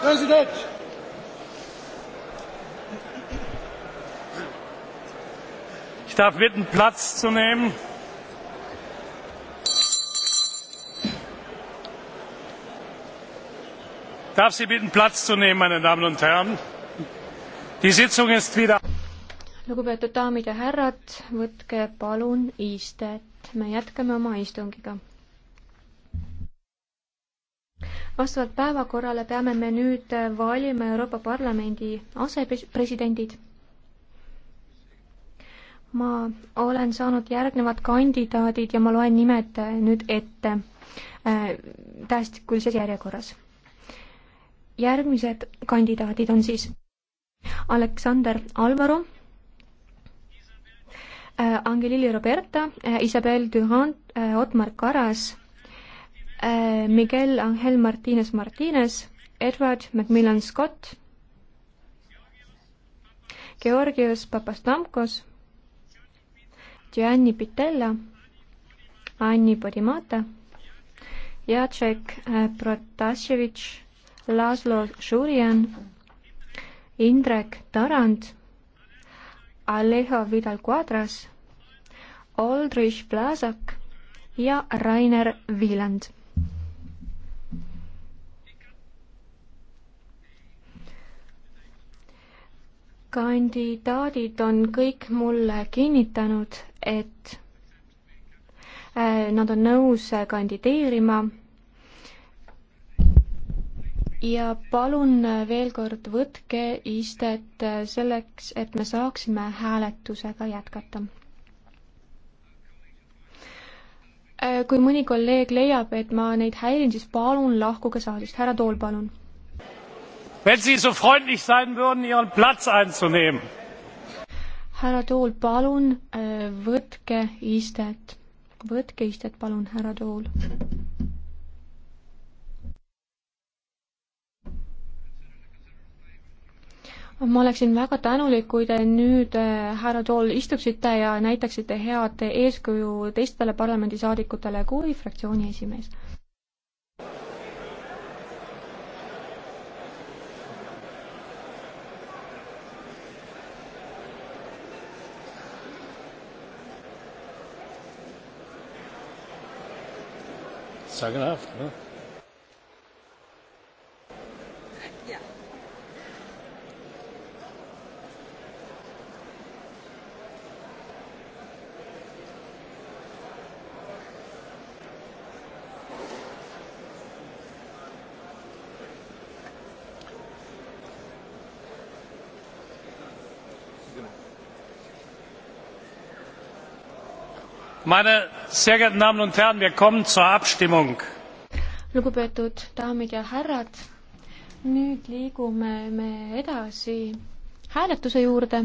President! Ich darf bitten, Platz zu nehmen. Ich darf Sie bitten, Platz zu nehmen, meine Damen und Herren. Die Sitzung ist wieder. lugupeetud daamid ja härrad, võtke palun istet, me jätkame oma istungiga vastavalt päevakorrale peame me nüüd äh, valima Euroopa Parlamendi asepresidendid. ma olen saanud järgnevad kandidaadid ja ma loen nimed äh, nüüd ette äh, tähestikulises järjekorras. järgmised kandidaadid on siis Aleksander Alvaro äh, Angelili Roberta, Isabel Durand, Otmar Karas, Äh, Miguel Angel Martinez Martinez, Edward Macmillan Scott, Georgios Papastamkos, Gianni Pitella, Anni Podimata Jacek äh, Protasevitš, Laslo Šurjan, Indrek Tarand, Alejo Vidal-Quadras, Oldrich Vlasak ja Rainer Viiland kandidaadid on kõik mulle kinnitanud, et äh, nad on nõus äh, kandideerima. ja palun äh, veel kord võtke istet selleks, et me saaksime hääletusega jätkata. kui mõni kolleeg leiab, et ma neid häirin, siis palun lahkuge saalist. härra Tool, palun wenn Sie so freundlich sein würden, Ihren Platz einzunehmen. härra Tool, palun äh, võtke istet, võtke istet, palun, härra Tool. ma oleksin väga tänulik, kui te nüüd, äh, härra Tool, istuksite ja näitaksite head eeskuju teistele parlamendisaadikutele kui fraktsiooni esimees sagenhaft. Ne? meine sehr geehrten damen und herren wir kommen zur abstimmung lugupeetud daamid ja härrad nüüd liigume me edasi hääletuse juurde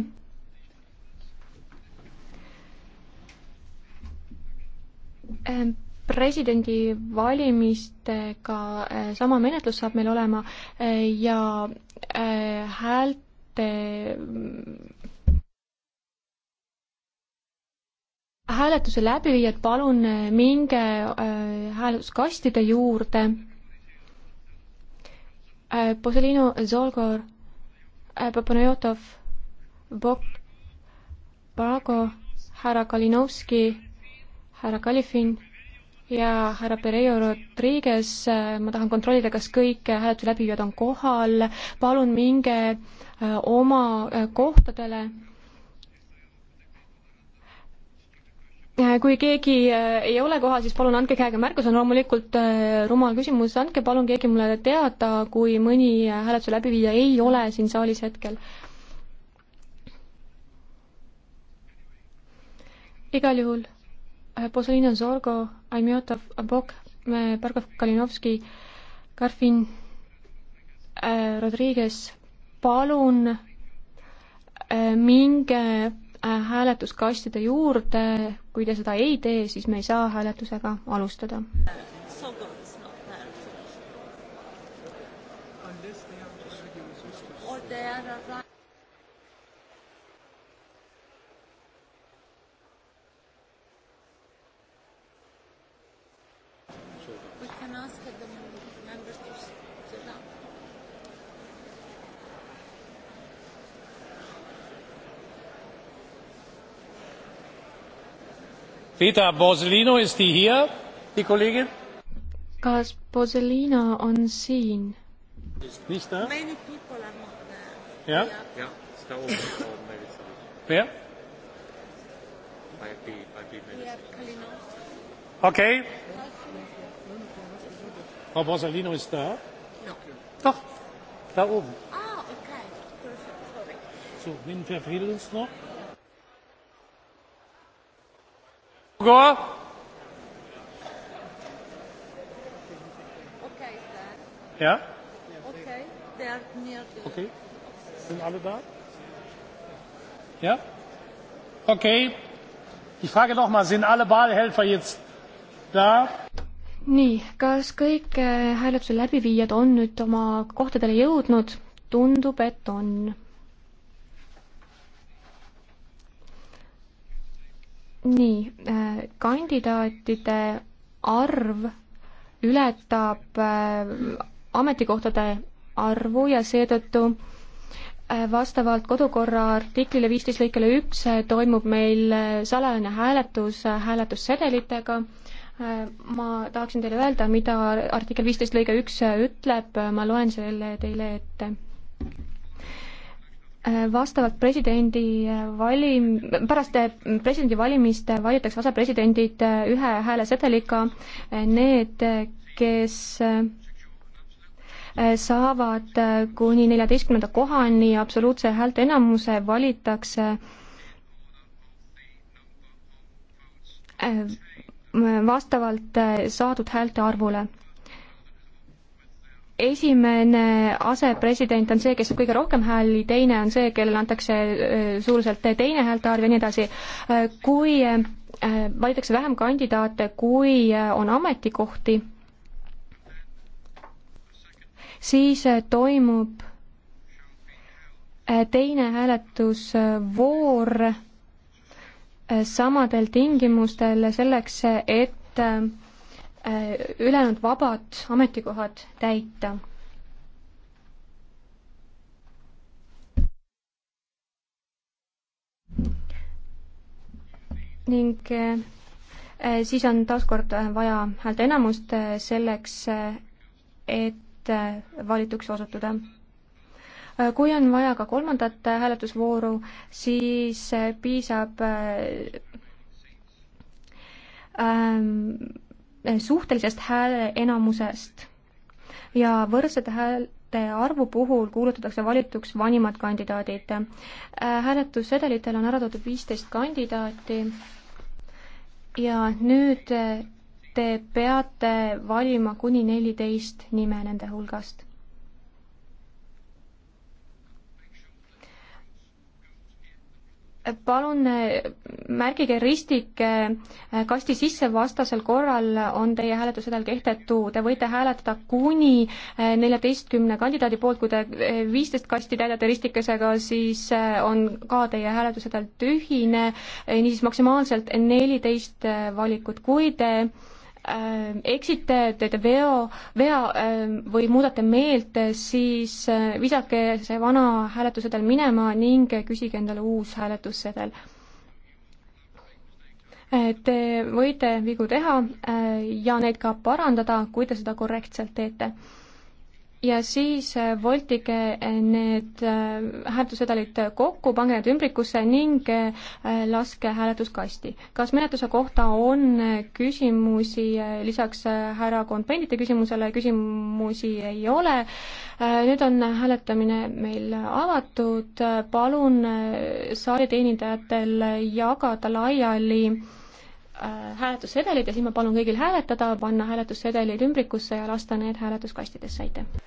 ähm, presidendivalimistega äh, sama menetlus saab meil olema äh, ja äh, häälte hääletuse läbiviijad, palun äh, minge äh, hääletuskastide juurde. Poselino, äh, Zolgor, Papanajotov, Bok, Parago, härra Kalinovski, härra Kalifin ja härra Pereio Rodriguez, ma tahan kontrollida, kas kõik hääletuse läbiviijad on kohal, palun minge oma kohtadele Äh, kui keegi äh, ei ole kohal, siis palun andke käega märku, see on loomulikult äh, rumal küsimus, andke palun keegi mulle teada, kui mõni hääletuse läbiviija ei ole siin saalis hetkel. igal juhul Posolino Zorgo, Aimiotov, Bok, Barkov, Kalinovski, Karfin, Rodriguez, palun minge hääletuskastide juurde, kui te seda ei tee, siis me ei saa hääletusega alustada. Or they are right. Rita Borsellino, ist die hier, die Kollegin? Kas Borsellino on siin? Nicht da? Many people are not there. Ja? Ja, ist da oben. Wer? Okay. Frau Borsellino ist da? No. Doch, da oben. Ah, okay. Perfect. So, wen verfehlt uns noch? Go. Okay, sir. Ja? Okay, they are near the... Okay. Sind alle da? Ja? Okay. Ich frage noch mal, sind alle Wahlhelfer jetzt da? nii, kas kõik äh, hääletuse läbiviijad on nüüd oma kohtadele jõudnud? tundub, et on nii, äh, kandidaatide arv ületab äh, ametikohtade arvu ja seetõttu äh, vastavalt kodukorra artiklile viisteist lõikele üks toimub meil salajane hääletus hääletussedelitega. ma tahaksin teile öelda, mida artikkel viisteist lõige üks ütleb, ma loen selle teile ette Äh, vastavalt presidendi äh, valim-, pärast äh, presidendivalimiste valitakse asepresidendid ühe hääle sedeliga, need, kes saavad kuni neljateistkümnenda kohani absoluutse häälteenamuse, valitakse vastavalt saadud häälte arvule esimene asepresident on see, kes saab kõige rohkem hääli, teine on see, kellele antakse äh, suuruselt teine häälte arv ja nii edasi. Äh, kui äh, valitakse vähem kandidaate, kui on ametikohti, siis toimub teine hääletusvoor samadel tingimustel selleks, et Äh, ülejäänud vabad ametikohad täita. ning äh, äh, siis on taaskord vaja häälteenamust selleks, et valituks osutuda kui on vaja ka kolmandat hääletusvooru, siis piisab ähm, Eh, suhtelisest hääle enamusest ja võrdsete häälte arvu puhul kuulutatakse valituks vanimad kandidaadid. Eh, hääletussedelitel on ära toodud viisteist kandidaati ja nüüd eh, te peate valima kuni neliteist nime nende hulgast palun äh, märgige ristike äh, kasti sisse, vastasel korral on teie hääletussedel kehtetu. Te võite hääletada kuni äh, neljateistkümne kandidaadi poolt, kui te viisteist kasti täidate ristikesega, siis on ka teie hääletussedel tühine, niisiis maksimaalselt neliteist valikut. kui te Ähm, eksite, teete veo, vea ähm, või muudate meelt, siis äh, visake see vana hääletussedel minema ning küsige endale uus hääletussedel. Äh, te võite vigu teha äh, ja neid ka parandada, kui te seda korrektselt teete ja siis voltige äh, äh, need äh, hääletussedelid kokku, pange need ümbrikusse ning laske hääletuskasti. kas menetluse kohta on küsimusi lisaks härra Konvendite küsimusele, küsimusi ei ole. nüüd on hääletamine meil avatud, palun saali teenindajatel jagada laiali Äh, hääletussedelid ja siis ma palun kõigil hääletada, panna hääletussedelid ümbrikusse ja lasta need hääletuskastidesse, aitäh!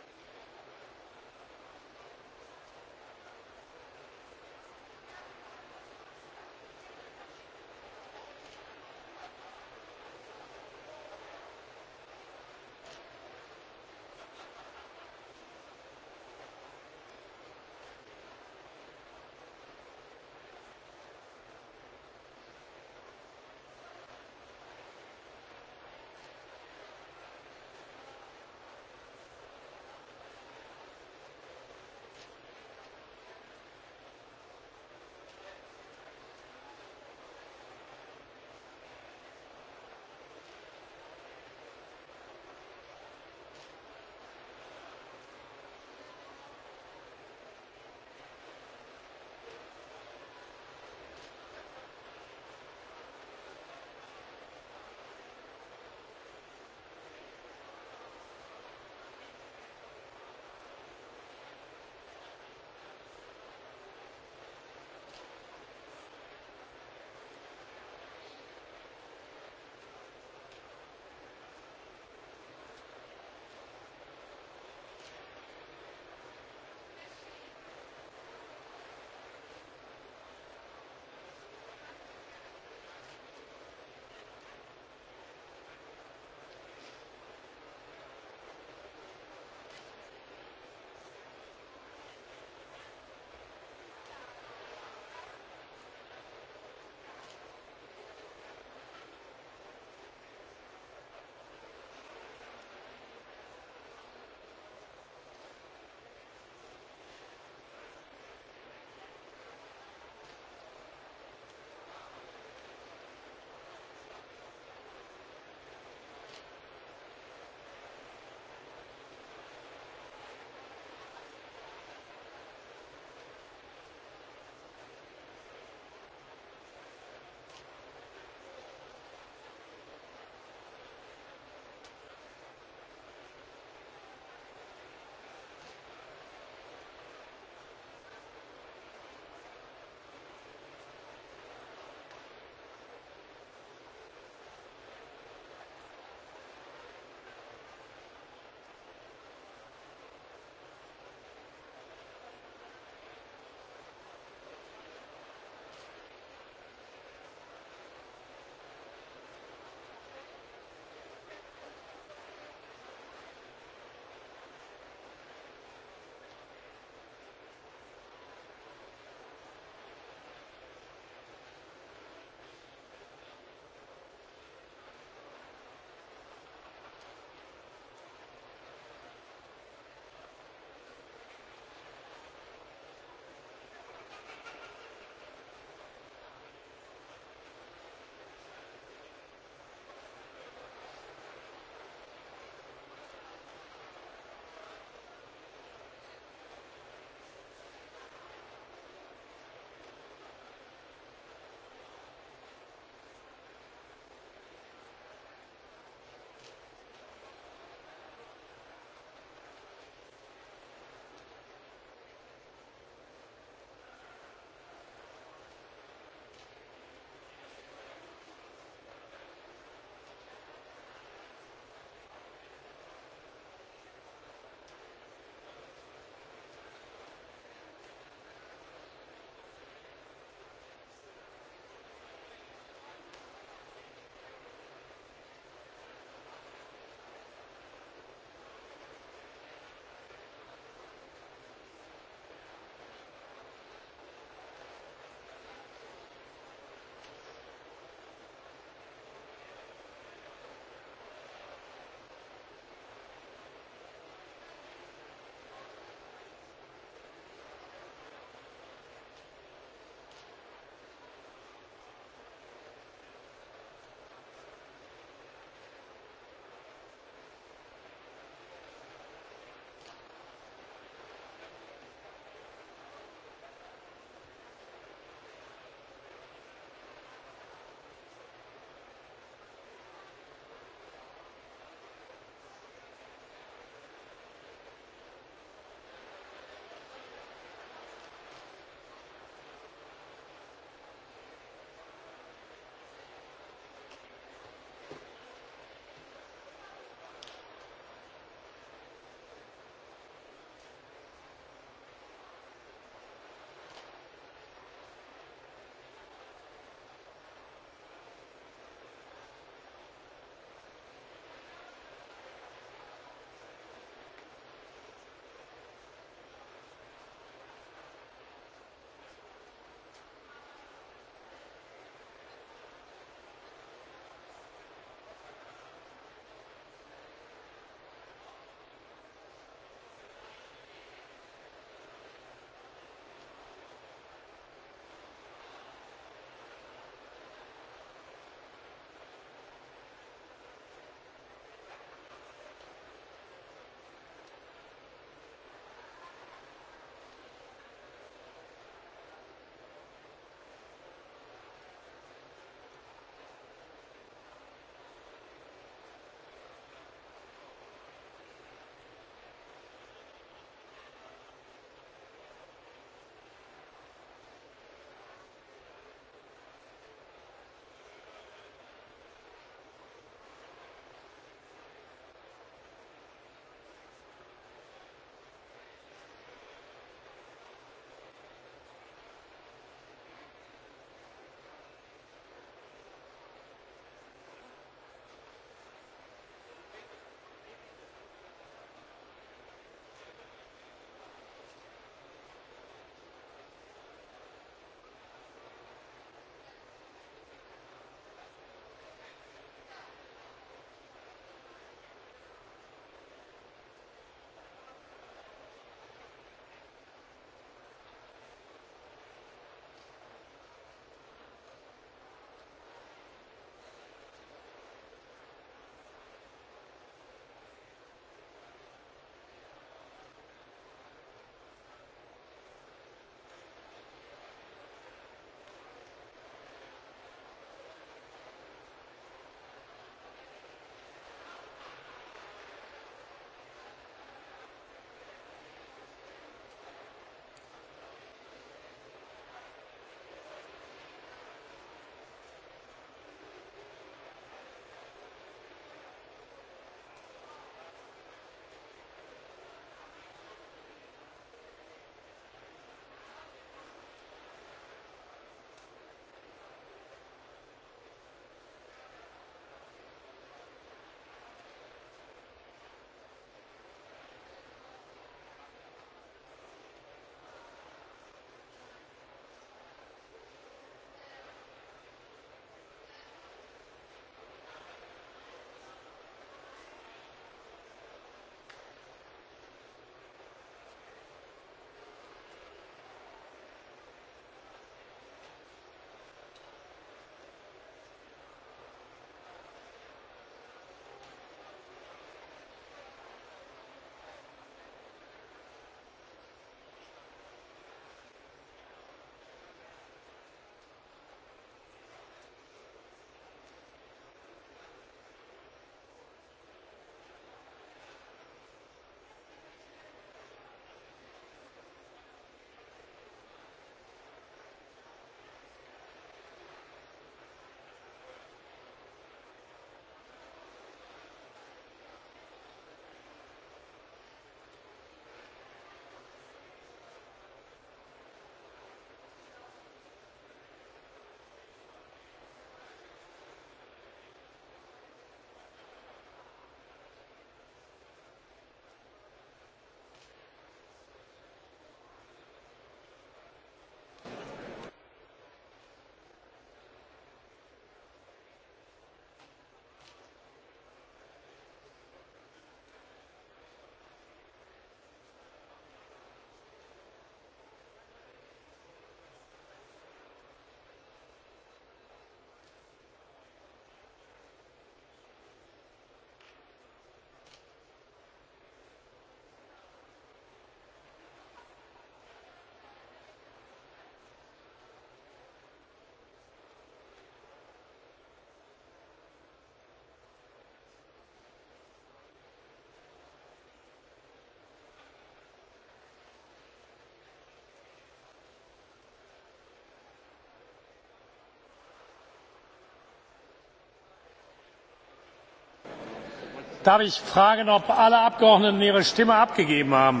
darf ich fragen ob alle abgeordneten ihre stimme abgegeben haben?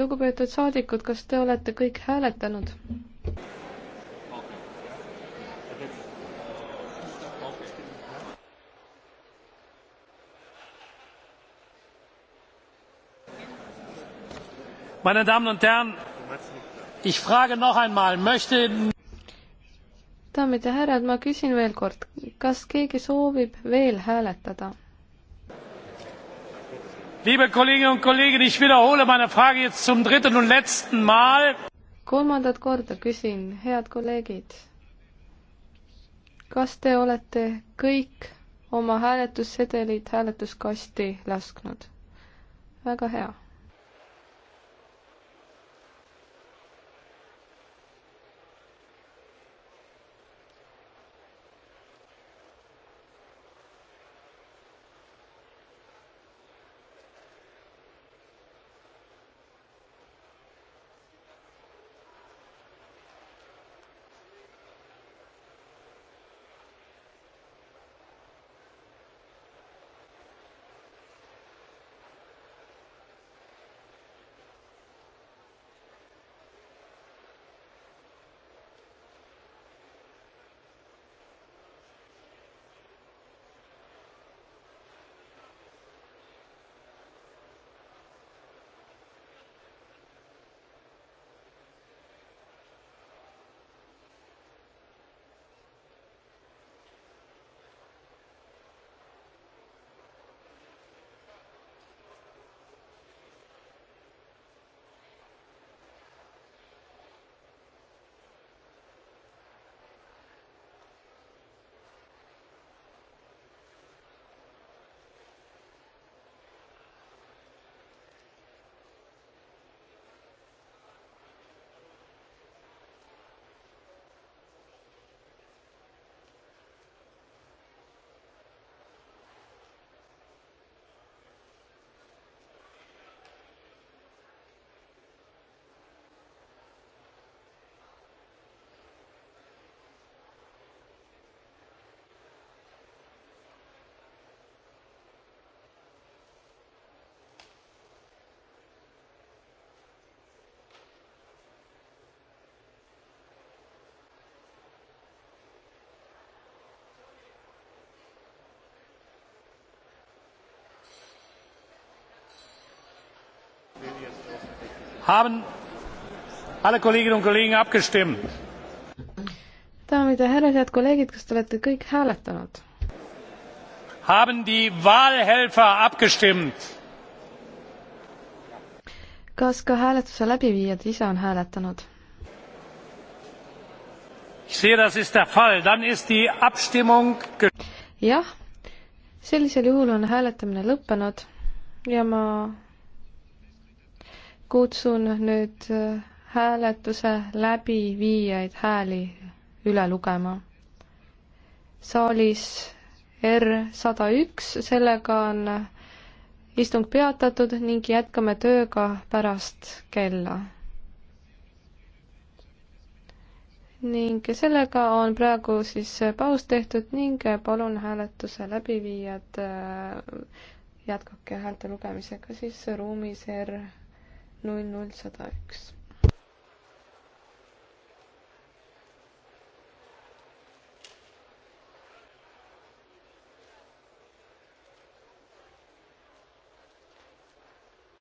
lugupeetud saadikud kas te olete kõik hääletanud? meine damen und herren ich frage noch einmal möchte daamid ja härrad ma küsin veel kord kas keegi soovib veel hääletada? Liebe Kolleginnen und Kollegen, ich wiederhole meine Frage jetzt zum dritten und letzten Mal. kolmandat korda küsin, head kolleegid, kas te olete kõik oma hääletussedelid hääletuskasti lasknud? väga hea haben alle Kolleginnen und Kollegen abgestimmt? daamid ja härrad, head kolleegid, kas te olete kõik hääletanud? Haben die Wahlhelfer abgestimmt? kas ka hääletuse läbiviijad ise on hääletanud? jah, sellisel juhul on hääletamine lõppenud ja ma kutsun nüüd äh, hääletuse läbiviijaid hääli üle lugema. saalis R sada üks, sellega on äh, istung peatatud ning jätkame tööga pärast kella. ning sellega on praegu siis äh, paus tehtud ning palun hääletuse läbiviijad jätkake häälte lugemisega siis ruumis R null null sada üks.